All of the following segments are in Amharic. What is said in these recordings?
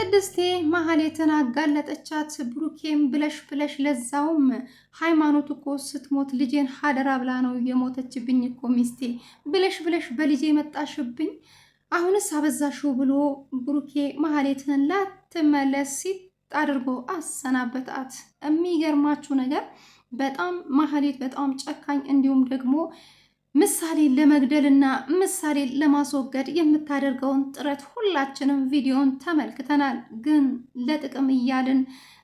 ቅድስቴ መሀሌትን አጋለጠቻት። ብሩኬም ብለሽ ብለሽ ለዛውም ሃይማኖት እኮ ስትሞት ልጄን ሀደራ ብላ ነው የሞተችብኝ እኮ ሚስቴ፣ ብለሽ ብለሽ በልጄ መጣሽብኝ፣ አሁንስ አበዛሽው ብሎ ብሩኬ መሀሌትን ላትመለስ ሲት አድርጎ አሰናበታት። የሚገርማችሁ ነገር በጣም ማህሌት በጣም ጨካኝ እንዲሁም ደግሞ ምሳሌን ለመግደልና ምሳሌን ለማስወገድ የምታደርገውን ጥረት ሁላችንም ቪዲዮን ተመልክተናል። ግን ለጥቅም እያልን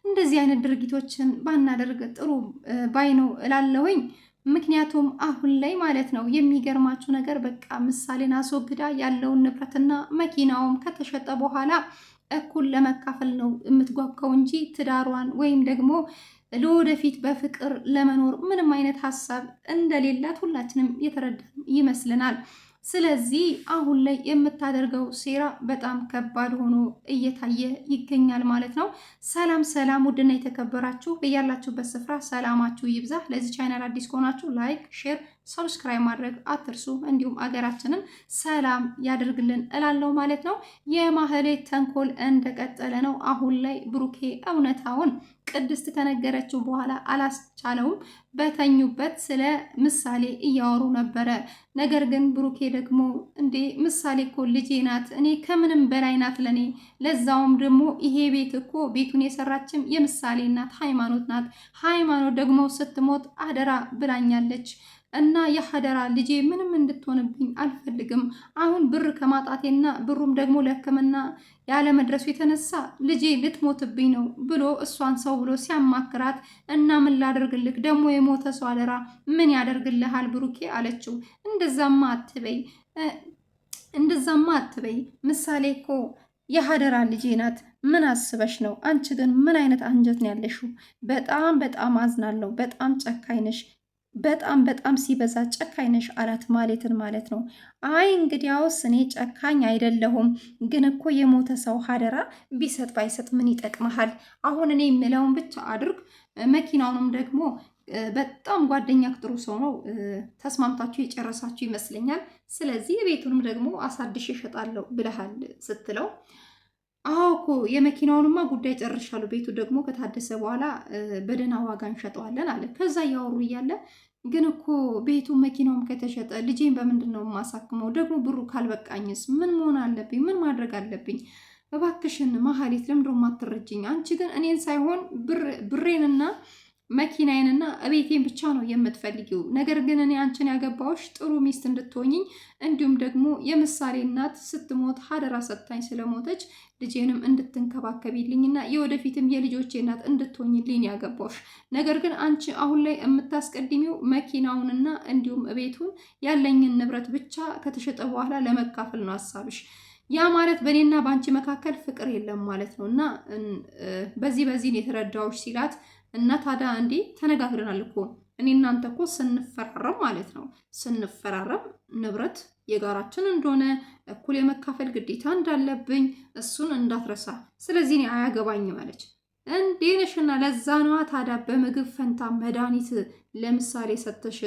እንደዚህ አይነት ድርጊቶችን ባናደርግ ጥሩ ባይ ነው እላለሁኝ። ምክንያቱም አሁን ላይ ማለት ነው የሚገርማችሁ ነገር በቃ ምሳሌን አስወግዳ ያለውን ንብረትና መኪናውም ከተሸጠ በኋላ እኩል ለመካፈል ነው የምትጓጓው እንጂ ትዳሯን ወይም ደግሞ ለወደፊት በፍቅር ለመኖር ምንም አይነት ሀሳብ እንደሌላት ሁላችንም የተረዳን ይመስልናል ስለዚህ አሁን ላይ የምታደርገው ሴራ በጣም ከባድ ሆኖ እየታየ ይገኛል ማለት ነው። ሰላም ሰላም! ውድና የተከበራችሁ በያላችሁበት ስፍራ ሰላማችሁ ይብዛ። ለዚህ ቻናል አዲስ ከሆናችሁ ላይክ፣ ሼር ሰብስክራይብ ማድረግ አትርሱ። እንዲሁም አገራችንን ሰላም ያደርግልን እላለሁ ማለት ነው። የማህሌት ተንኮል እንደቀጠለ ነው። አሁን ላይ ብሩኬ እውነታውን ቅድስት ከነገረችው በኋላ አላስቻለውም። በተኙበት ስለ ምሳሌ እያወሩ ነበረ። ነገር ግን ብሩኬ ደግሞ እንዴ ምሳሌ እኮ ልጄ ናት፣ እኔ ከምንም በላይ ናት ለእኔ። ለዛውም ደግሞ ይሄ ቤት እኮ ቤቱን የሰራችም የምሳሌ እናት ሃይማኖት ናት። ሃይማኖት ደግሞ ስትሞት አደራ ብላኛለች እና የሀደራ ልጄ ምንም እንድትሆንብኝ አልፈልግም። አሁን ብር ከማጣቴና ብሩም ደግሞ ለሕክምና ያለመድረሱ የተነሳ ልጄ ልትሞትብኝ ነው ብሎ እሷን ሰው ብሎ ሲያማክራት እና ምን ላደርግልህ ደግሞ የሞተ ሰው አደራ ምን ያደርግልሃል ብሩኬ አለችው። እንደዛማ አትበይ፣ እንደዛማ አትበይ። ምሳሌ እኮ የሀደራ ልጄ ናት። ምን አስበሽ ነው? አንቺ ግን ምን አይነት አንጀት ነው ያለሽው? በጣም በጣም አዝናለሁ። በጣም ጨካኝ ነሽ። በጣም በጣም ሲበዛ ጨካኝ ነሽ አላት ማሌትን ማለት ነው። አይ እንግዲያውስ እኔ ጨካኝ አይደለሁም፣ ግን እኮ የሞተ ሰው ሀደራ ቢሰጥ ባይሰጥ ምን ይጠቅመሃል? አሁን እኔ የምለውን ብቻ አድርግ። መኪናውንም ደግሞ በጣም ጓደኛ ጥሩ ሰው ነው፣ ተስማምታችሁ የጨረሳችሁ ይመስለኛል። ስለዚህ ቤቱንም ደግሞ አሳድሽ ይሸጣለሁ ብለሃል ስትለው አዎ እኮ የመኪናውንማ ጉዳይ ጨርሻለሁ። ቤቱ ደግሞ ከታደሰ በኋላ በደህና ዋጋ እንሸጠዋለን አለ። ከዛ እያወሩ እያለ ግን እኮ ቤቱ መኪናውም ከተሸጠ ልጄን በምንድን ነው የማሳክመው? ደግሞ ብሩ ካልበቃኝስ ምን መሆን አለብኝ? ምን ማድረግ አለብኝ? እባክሽን መሀሌት ለምንድነው የማትረጅኝ? አንቺ ግን እኔን ሳይሆን ብሬንና መኪናዬንና እቤቴን ብቻ ነው የምትፈልጊው። ነገር ግን እኔ አንቺን ያገባሁሽ ጥሩ ሚስት እንድትሆኝኝ እንዲሁም ደግሞ የምሳሌ እናት ስትሞት ሀደራ ሰጥታኝ ስለሞተች ልጄንም እንድትንከባከቢልኝና የወደፊትም የልጆቼ እናት እንድትሆኝልኝ ያገባሁሽ። ነገር ግን አንቺ አሁን ላይ የምታስቀድሚው መኪናውንና እንዲሁም እቤቱን ያለኝን ንብረት ብቻ ከተሸጠ በኋላ ለመካፈል ነው ሀሳብሽ። ያ ማለት በእኔና በአንቺ መካከል ፍቅር የለም ማለት ነው እና በዚህ በዚህ የተረዳዎች ሲላት እና ታዲያ እንዴ ተነጋግረናል እኮ እኔ እናንተ እኮ ስንፈራረም ማለት ነው ስንፈራረም ንብረት የጋራችን እንደሆነ እኩል የመካፈል ግዴታ እንዳለብኝ እሱን እንዳትረሳ፣ ስለዚህ እኔ አያገባኝም አለች። እንዴ ነሽና ለዛ ነዋ ታዲያ በምግብ ፈንታ መድኃኒት ለምሳሌ ሰተሽ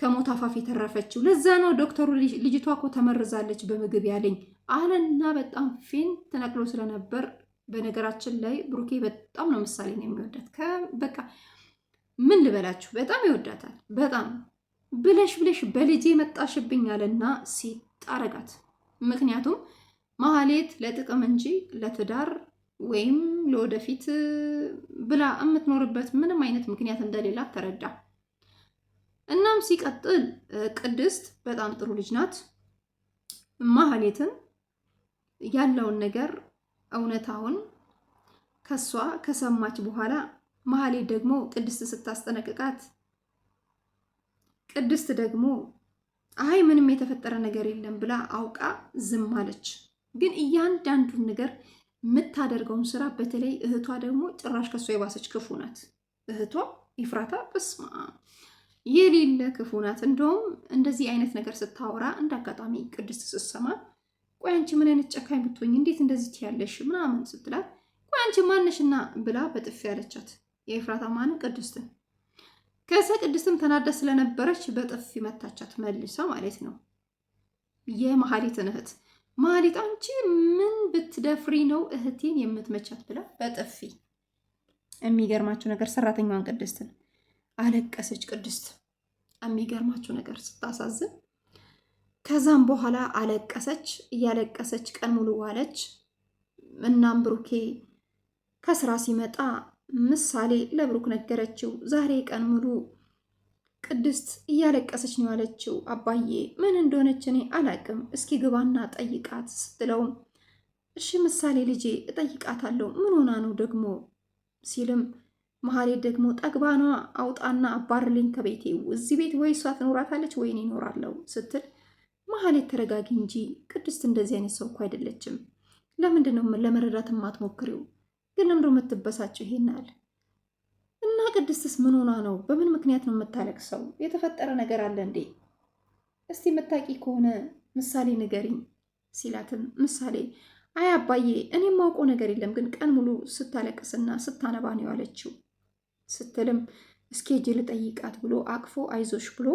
ከሞት አፋፍ የተረፈችው ለዛ ነው። ዶክተሩ ልጅቷ እኮ ተመርዛለች በምግብ ያለኝ አለና በጣም ፌን ተነቅሎ ስለነበር በነገራችን ላይ ብሩኬ በጣም ነው ምሳሌ ነው የሚወዳት። በቃ ምን ልበላችሁ በጣም ይወዳታል። በጣም ብለሽ ብለሽ በልጄ መጣሽብኝ አለና ሲጣረጋት፣ ምክንያቱም ማህሌት ለጥቅም እንጂ ለትዳር ወይም ለወደፊት ብላ የምትኖርበት ምንም አይነት ምክንያት እንደሌላ ተረዳ። እናም ሲቀጥል ቅድስት በጣም ጥሩ ልጅ ናት። ማህሌትን ያለውን ነገር እውነታውን ከሷ ከሰማች በኋላ መሀሌ ደግሞ ቅድስት ስታስጠነቅቃት፣ ቅድስት ደግሞ አይ ምንም የተፈጠረ ነገር የለም ብላ አውቃ ዝም አለች። ግን እያንዳንዱን ነገር የምታደርገውን ስራ በተለይ እህቷ ደግሞ ጭራሽ ከሷ የባሰች ክፉ ናት። እህቷ ይፍራታ በስማ የሌለ ክፉ ናት። እንደውም እንደዚህ አይነት ነገር ስታወራ እንደ አጋጣሚ ቅድስት ስትሰማ ቆይ አንቺ ምን አይነት ጨካኝ ብትሆኝ እንዴት እንደዚህ ትያለሽ? ምናምን ስትላት ቆይ አንቺ ማነሽና ብላ በጥፊ ያለቻት የኤፍራታ ማን ቅድስትን። ከዚ ቅድስትም ተናዳ ስለነበረች በጥፊ መታቻት መልሳ ማለት ነው። የመሀሊትን እህት መሀሊት አንቺ ምን ብትደፍሪ ነው እህቴን የምትመቻት? ብላ በጥፊ የሚገርማችሁ ነገር ሰራተኛዋን ቅድስትን አለቀሰች። ቅድስት የሚገርማችሁ ነገር ስታሳዝን ከዛም በኋላ አለቀሰች። እያለቀሰች ቀን ሙሉ ዋለች። እናም ብሩኬ ከስራ ሲመጣ ምሳሌ ለብሩክ ነገረችው። ዛሬ ቀን ሙሉ ቅድስት እያለቀሰች ነው ያለችው። አባዬ ምን እንደሆነች እኔ አላቅም፣ እስኪ ግባና ጠይቃት ስትለውም እሺ ምሳሌ ልጄ እጠይቃታለሁ፣ ምን ሆና ነው ደግሞ ሲልም መሀሌ ደግሞ ጠግባኗ አውጣና አባርልኝ ከቤቴ እዚህ ቤት ወይ እሷ ትኖራታለች ወይኔ ይኖራለሁ ስትል መሀሌት ተረጋጊ እንጂ ቅድስት እንደዚህ አይነት ሰው እኮ አይደለችም። ለምንድን ነው ለመረዳት የማትሞክሪው? ግን ለምዶ የምትበሳጭው ይሄናል እና ቅድስትስ ምን ሆና ነው? በምን ምክንያት ነው የምታለቅሰው? የተፈጠረ ነገር አለ እንዴ? እስቲ የምታቂ ከሆነ ምሳሌ ንገሪኝ ሲላትም ምሳሌ አይ አባዬ፣ እኔ የማውቀው ነገር የለም ግን ቀን ሙሉ ስታለቅስና ስታነባ ነው ያለችው ስትልም እስኬጅ ልጠይቃት ብሎ አቅፎ አይዞሽ ብሎ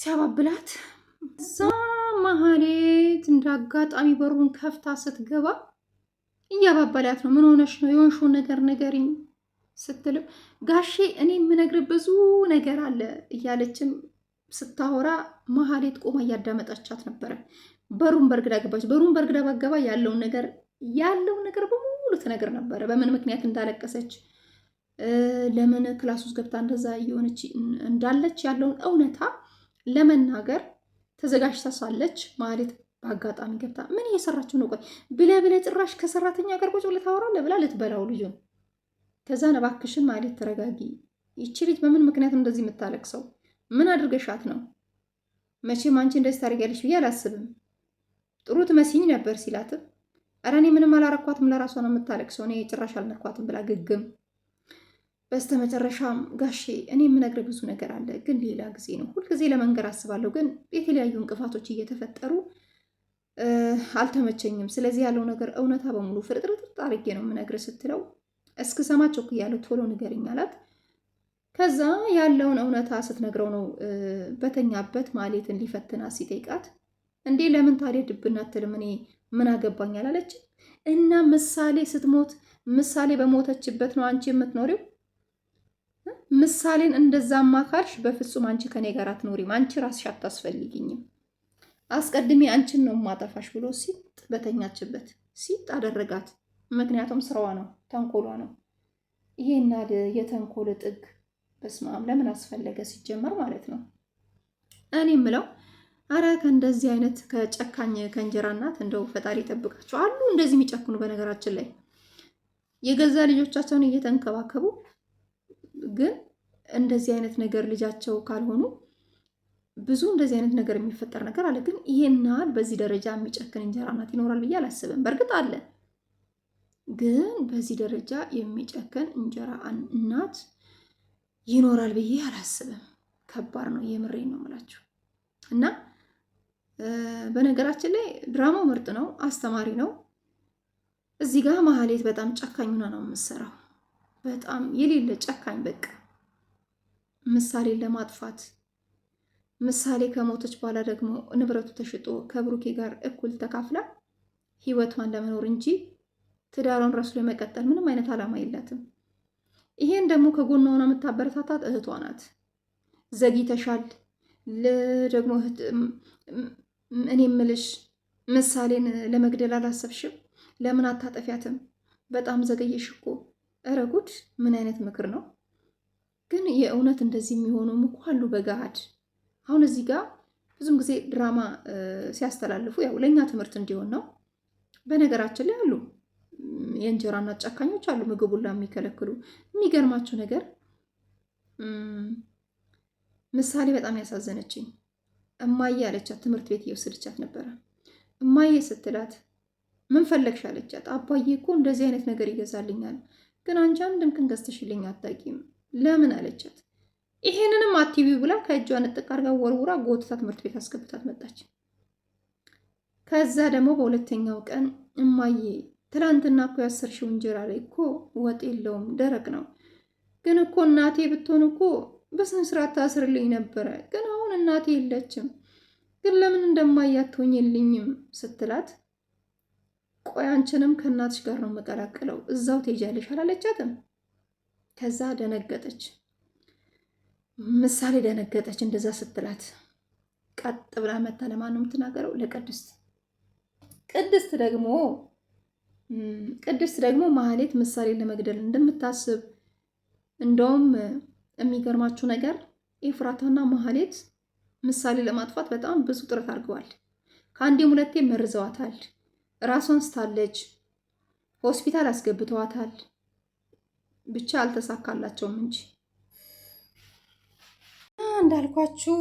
ሲያባብላት እዛ ማህሌት እንደ አጋጣሚ በሩን ከፍታ ስትገባ እያባባላት ነው። ምን ሆነሽ ነው? የሆንሽውን ነገር ንገሪኝ ስትልም ጋሼ እኔ የምነግር ብዙ ነገር አለ እያለችም ስታወራ መሀሌት ቆማ እያዳመጣቻት ነበረ። በሩን በርግዳ ገባች። በሩን በርግዳ ባገባ ያለውን ነገር ያለውን ነገር በሙሉ ትነግር ነበረ። በምን ምክንያት እንዳለቀሰች፣ ለምን ክላስ ውስጥ ገብታ እንደዛ እየሆነች እንዳለች ያለውን እውነታ ለመናገር ተዘጋጅታ ሳለች ማለት በአጋጣሚ ገብታ ምን እየሰራችሁ ነው? ቆይ ብለ ብለ ጭራሽ ከሰራተኛ ጋር ቁጭ ብለህ ታወራለህ ብላ ልትበላው ልጁ። ከዛ እባክሽን ማህሌት ተረጋጊ፣ ይቺ ልጅ በምን ምክንያት እንደዚህ የምታለቅሰው? ምን አድርገሻት ነው? መቼም አንቺ እንደዚህ ታደርጊያለሽ ብዬ አላስብም። ጥሩ ትመስኝ ነበር ሲላትም፣ ኧረ እኔ ምንም አላረኳትም፣ ለራሷ ነው የምታለቅሰው፣ እኔ ጭራሽ አልነኳትም ብላ ግግም በስተመጨረሻም ጋሼ እኔ የምነግር ብዙ ነገር አለ፣ ግን ሌላ ጊዜ ነው። ሁልጊዜ ለመንገር አስባለሁ፣ ግን የተለያዩ እንቅፋቶች እየተፈጠሩ አልተመቸኝም። ስለዚህ ያለው ነገር እውነታ በሙሉ ፍርጥርጥርጥ አድርጌ ነው የምነግርህ ስትለው እስክ ሰማቸው እያለ ቶሎ ንገርኝ አላት። ከዛ ያለውን እውነታ ስትነግረው ነው በተኛበት ማሌትን ሊፈትና ሲጠይቃት እንዴ ለምን ታዲያ ድብና ትልም እኔ ምን አገባኝ አላለች እና ምሳሌ ስትሞት ምሳሌ በሞተችበት ነው አንቺ የምትኖሪው ምሳሌን እንደዛማ ካልሽ በፍጹም አንቺ ከኔ ጋር አትኖሪም፣ አንቺ ራስሽ አታስፈልጊኝም፣ አስቀድሜ አንቺን ነው ማጠፋሽ ብሎ ሲጥ በተኛችበት ሲጥ አደረጋት። ምክንያቱም ስራዋ ነው፣ ተንኮሏ ነው። ይሄና የተንኮል ጥግ በስማም ለምን አስፈለገ ሲጀመር ማለት ነው። እኔ ምለው አረ ከእንደዚህ አይነት ከጨካኝ ከእንጀራ እናት እንደው ፈጣሪ ይጠብቃቸው። አሉ እንደዚህ የሚጨክኑ በነገራችን ላይ የገዛ ልጆቻቸውን እየተንከባከቡ ግን እንደዚህ አይነት ነገር ልጃቸው ካልሆኑ ብዙ እንደዚህ አይነት ነገር የሚፈጠር ነገር አለ። ግን ይሄናል በዚህ ደረጃ የሚጨክን እንጀራ እናት ይኖራል ብዬ አላስብም። በእርግጥ አለ፣ ግን በዚህ ደረጃ የሚጨክን እንጀራ እናት ይኖራል ብዬ አላስብም። ከባድ ነው፣ የምሬ ነው የምላችሁ እና በነገራችን ላይ ድራማው ምርጥ ነው፣ አስተማሪ ነው። እዚህ ጋር መሀሌት በጣም ጨካኝ ሆና ነው የምሰራው። በጣም የሌለ ጨካኝ በቃ ምሳሌን ለማጥፋት ምሳሌ ከሞተች በኋላ ደግሞ ንብረቱ ተሽጦ ከብሩኬ ጋር እኩል ተካፍላ ህይወቷን ለመኖር እንጂ ትዳሯን ረስሎ የመቀጠል ምንም አይነት ዓላማ የላትም። ይሄን ደግሞ ከጎኗ ሆና የምታበረታታት እህቷ ናት። ዘግይተሻል፣ ደግሞ እኔ ምልሽ ምሳሌን ለመግደል አላሰብሽም? ለምን አታጠፊያትም? በጣም ዘገየሽ እኮ እረ ጉድ! ምን አይነት ምክር ነው ግን? የእውነት እንደዚህ የሚሆኑም እኮ አሉ በገሃድ። አሁን እዚህ ጋር ብዙም ጊዜ ድራማ ሲያስተላልፉ ያው ለእኛ ትምህርት እንዲሆን ነው። በነገራችን ላይ አሉ የእንጀራ እናት ጨካኞች አሉ፣ ምግቡን የሚከለክሉ። የሚገርማቸው ነገር ምሳሌ በጣም ያሳዘነችኝ እማዬ አለቻት። ትምህርት ቤት እየወሰደቻት ነበረ። እማዬ ስትላት ምን ፈለግሽ አለቻት። አባዬ እኮ እንደዚህ አይነት ነገር ይገዛልኛል ግን አንቺ አንድም ቀን ገዝተሽልኝ አታውቂም ለምን አለቻት። ይሄንንም አቲቪ ብላ ከእጇ ንጥቅ አርጋ ወርውራ ጎትታ ትምህርት ቤት አስገብታት መጣች። ከዛ ደግሞ በሁለተኛው ቀን እማዬ ትላንትና እኮ ያሰርሽው እንጀራ ላይ እኮ ወጥ የለውም ደረቅ ነው። ግን እኮ እናቴ ብትሆን እኮ በስነ ስርዓት ታስርልኝ ነበረ። ግን አሁን እናቴ የለችም። ግን ለምን እንደማያትሆኝልኝም ስትላት ቆይ አንቺንም ከእናትሽ ጋር ነው የምቀላቅለው እዛው ትሄጃለሽ አላለቻትም። ከዛ ደነገጠች። ምሳሌ ደነገጠች እንደዛ ስትላት። ቀጥ ብላ መታ ለማን ነው የምትናገረው? ለቅድስት። ቅድስት ደግሞ ቅድስት ደግሞ ማህሌት ምሳሌ ለመግደል እንደምታስብ እንደውም የሚገርማችሁ ነገር ኤፍራታና ማህሌት ምሳሌ ለማጥፋት በጣም ብዙ ጥረት አድርገዋል። ከአንዴም ሁለቴ መርዘዋታል። ራሷን ስታለች ሆስፒታል አስገብተዋታል። ብቻ አልተሳካላቸውም እንጂ እንዳልኳችሁ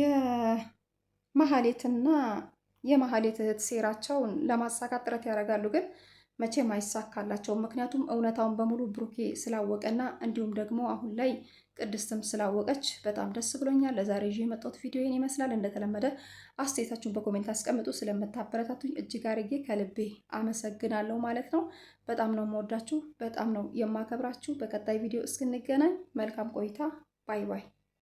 የማህሌትና የማህሌት እህት ሴራቸውን ለማሳካት ጥረት ያደርጋሉ፣ ግን መቼም አይሳካላቸውም። ምክንያቱም እውነታውን በሙሉ ብሩኬ ስላወቀና እንዲሁም ደግሞ አሁን ላይ ቅድስትም ስላወቀች በጣም ደስ ብሎኛል። ለዛሬ ይዤ የመጣሁት ቪዲዮን ይመስላል። እንደተለመደ አስተያየታችሁን በኮሜንት አስቀምጡ። ስለምታበረታቱኝ እጅግ አድርጌ ከልቤ አመሰግናለሁ ማለት ነው። በጣም ነው የምወዳችሁ፣ በጣም ነው የማከብራችሁ። በቀጣይ ቪዲዮ እስክንገናኝ መልካም ቆይታ። ባይ ባይ።